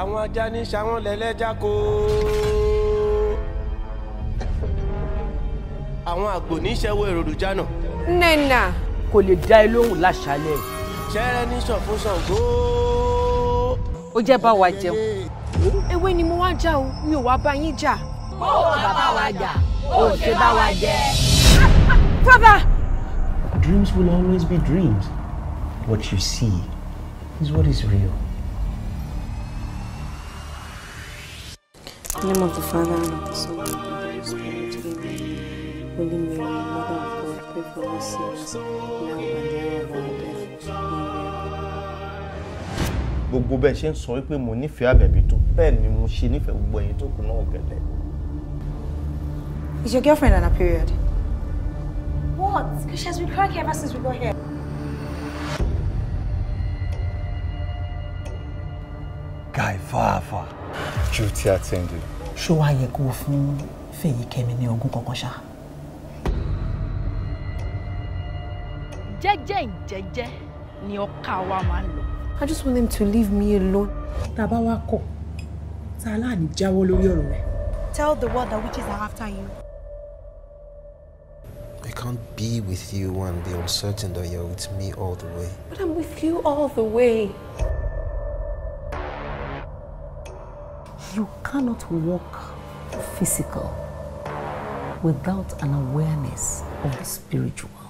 àwọn ajá ní sàwọn lẹ́lẹ́jà kó àwọn àgbò ní ìṣẹ́wó èròdù jánà. nena kò lè dá ẹ lóhùn láṣálẹ́. ṣẹ́rẹ́ ní sọ̀fún Ṣàngó. ó jẹ́ bá wa jẹun. ewé ni mo wá já o mi ò wá bá yín jà. ó wá bá wa jà ó ṣe bá wa jẹ. bàbá. dreams will always be dreams. what you see is what is real. In the name of the Father, and of the Son, and of the Holy Spirit, amen. Holy Mary, Mother of God, pray for us sinners, now and at the hour of our death. Amen. Gbogbo bẹ́ẹ̀ ṣe ń sọ wípé mo nífẹ̀ẹ́ àbẹ̀bí tó bẹ́ẹ̀ ni mo ṣe nífẹ̀ẹ́ gbogbo ẹ̀yin tó kù náà gẹ̀lẹ́. Is your girlfriend on her period? What? Because she has been crying ever since we got here. Guy Fafa. ju ti àtẹ̀ǹdè. ṣó wàá yẹ kó o fún Fẹ́yìkẹ́mi ní ogún kankan ṣá. jẹ́jẹ́ ìjẹ́jẹ́ ni ọkà wa máa ń lọ. I just want them to leave me alone. tá a bá wá tá a láàánú jáwọ́ lórí ọ̀rọ̀ rẹ̀. Tell the world that witches are after you. I can't be with you and be uncertain that you're with me all the way. But I'm with you all the way. You cannot walk physical without an awareness of the spiritual.